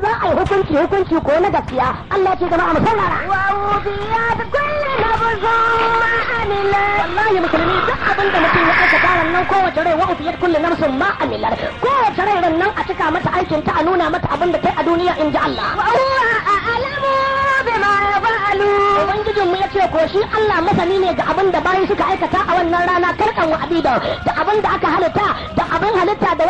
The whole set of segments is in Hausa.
za a yi hukunci hukunci ko na gaskiya Allah ce jama'a mu saurara wa ubiya da kulli na ma amila wallahi musulmi duk abin da mutum ya aikata nan kowace rai wa ubiya kulli na ma amila kowace rai nan a cika mata aikin ta a nuna mata abin da kai a duniya in ji Allah wa Allah a'lamu bima yaf'alu ubangijin mu ce ko shi Allah masani ne ga abin da bayi suka aikata a wannan rana karkan wa abida da abin da aka halitta da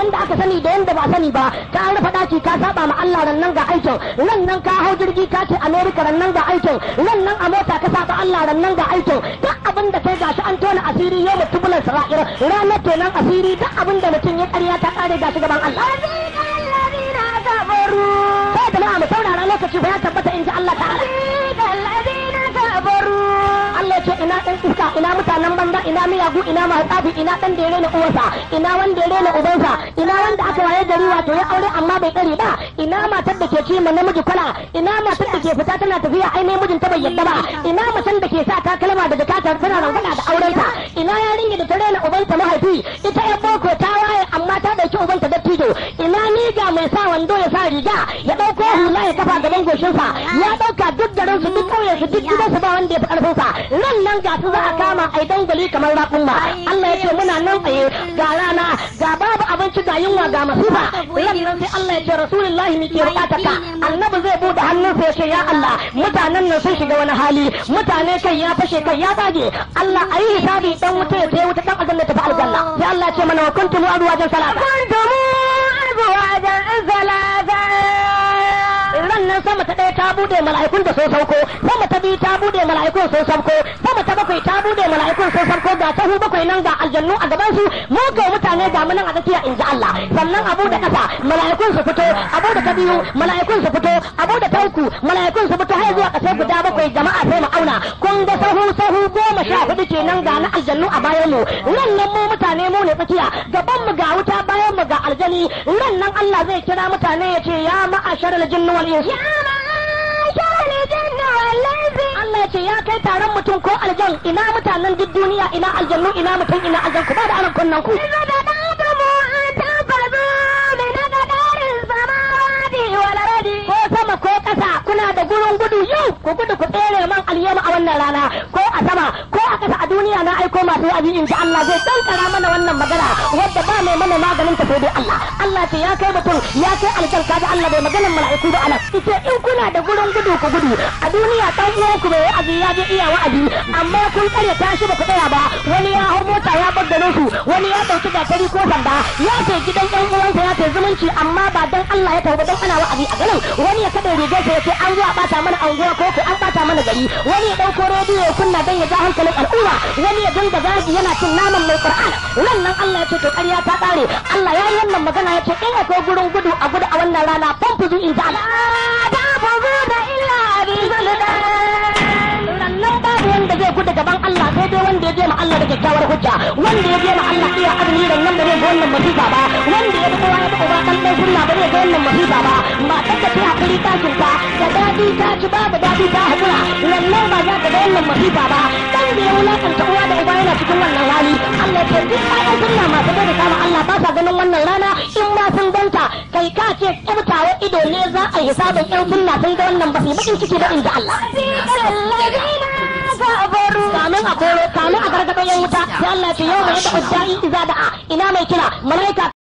wanda aka sani da yanda ba sani ba ka rufa daki ka saba ma Allah ran nan ga aikin ran nan ka hau jirgi ka ce America ran nan ga aikin ran nan a mota ka saba Allah ran nan ga aikin duk abin da kai gashi an tona asiri yau mutum bulan sara'ir ranar kenan asiri duk abin da mutum ya ƙarya ta kare gashi gaban Allah na sai da mu saurara lokaci ba ya tabbata in ji Allah ta'ala ce ina ɗan iska ina mutanen banza ina miyagu ina masu tsafi ina ɗan da ya rena ina wanda ya rena ubansa ina wanda aka waye gari wato ya aure amma bai ɗari ba ina matar da ke ci ma namiji kwana ina matar da ke fita tana tafiya ainihin mijin ta bai yadda ba ina mutum da ke sa takalma da jakata tana rangwada da ta ina yarinya da ta rena ubanta mahaifi ita ya boko ta waye amma ta ɗauki ubanta dattijo ina niga mai sa wando ya. ya kafa gaban sa ya dauka duk garin su duk kauyen su duk gidansu ba wanda ya fi karfin sa nan nan ga su za a kama a dangali kamar raƙumma Allah ya ce muna nan tsaye ga rana ga babu abinci ga yunwa ga masifa ran nan sai Allah ya ce rasulullahi ni ke bukata ka annabi zai bude hannunsa ya ce ya Allah mutanen nan sun shiga wani hali mutane kan ya fashe kan ya dage Allah ayi hisabi dan wuta ya tayi wuta dan aljanna ta fi aljanna sai Allah ya ce mana wa kuntum azwajan salata kuntum salata sama ta ɗaya ta bude mala'ikun da sun sauko sama ta biyu ta bude mala'ikun sun sauko sama ta bakwai ta bude mala'ikun sun sauko ga hu bakwai nan ga aljannu a gaban su mu ga mutane ga munan a tsakiya in ji Allah sannan abu da kasa mala'ikun su fito abu da ta biyu mala'ikun su fito abu da ta uku mala'ikun su fito har zuwa kashe guda bakwai jama'a sai mu auna kun ga sahu sahu goma sha hudu kenan ga na aljannu a bayan mu nan nan mu mutane mu ne tsakiya gaban mu ga wuta bayan mu ga aljani nan nan Allah zai kira mutane ya ce ya ma'ashar aljinnu wal insi Allah ce ya kai taron mutum ko aljan ina mutanen duk duniya ina aljannu ina mutum ina aljan ku ba da anan nan ku. Ko sama ko ƙasa kuna da gurin gudu yau ku gudu ku tsere man alyama a wannan rana ko a sama ko a ƙasa a duniya na aiko masu abin in Allah zai kankara mana wannan magana. ba mai mana maganin ta sai dai Allah Allah ce ya kai mutum ya kai aljan kaji Allah bai maganin mala'iku ba anan ce in kuna da gurin gudu ku gudu a duniya dan uwan ku bai aji ya je iya wa'adi amma kun kare tashi ba ku tsaya ba wani ya hau mota ya bagano su wani ya dauki gatari ko sanda ya ce gidan dan uwansa ya ce zumunci amma ba dan Allah ya tauba dan ana wa'adi a garin wani ya kada rigar sa ya ce an zuwa a bata mana anguwa ko ko an bata mana gari wani ya dauko rediyo kunna dan ya ja hankalin al'umma wani ya dinga zagi yana cin naman mai Qur'an nan Allah ya ce to ya ta kare Allah ya yi wannan magana ya ce in akwai gurin gudu a gudu a wannan rana famfu zu in ji Allah. da illa bi Sannan babu wanda zai gudu gaban Allah sai dai wanda ya je ma Allah da kyakkyawar hujja wanda ya je ma Allah iya azumi da nan da zai ga wannan masifa ba wanda ya bi wani ya bi uba kan dan sunna ba zai ga wannan masifa ba ba ta tafi hakuri ta kinta da dadi ta ci babu dadi ta hakura wannan ba za ka ga wannan masifa ba dan da ya wulakanta uwa da uba yana cikin wannan hali Allah ya ce duk ayyukan wannan rana in ma sun danta kai ka ce kubtawa ido ne za a yi sabon yan sunna sun ga wannan ba su bakin ciki ba inda Allah kamin a koro kamin a gargado yan wuta sai Allah ce yau mai da udda'i iza a ina mai kira malaika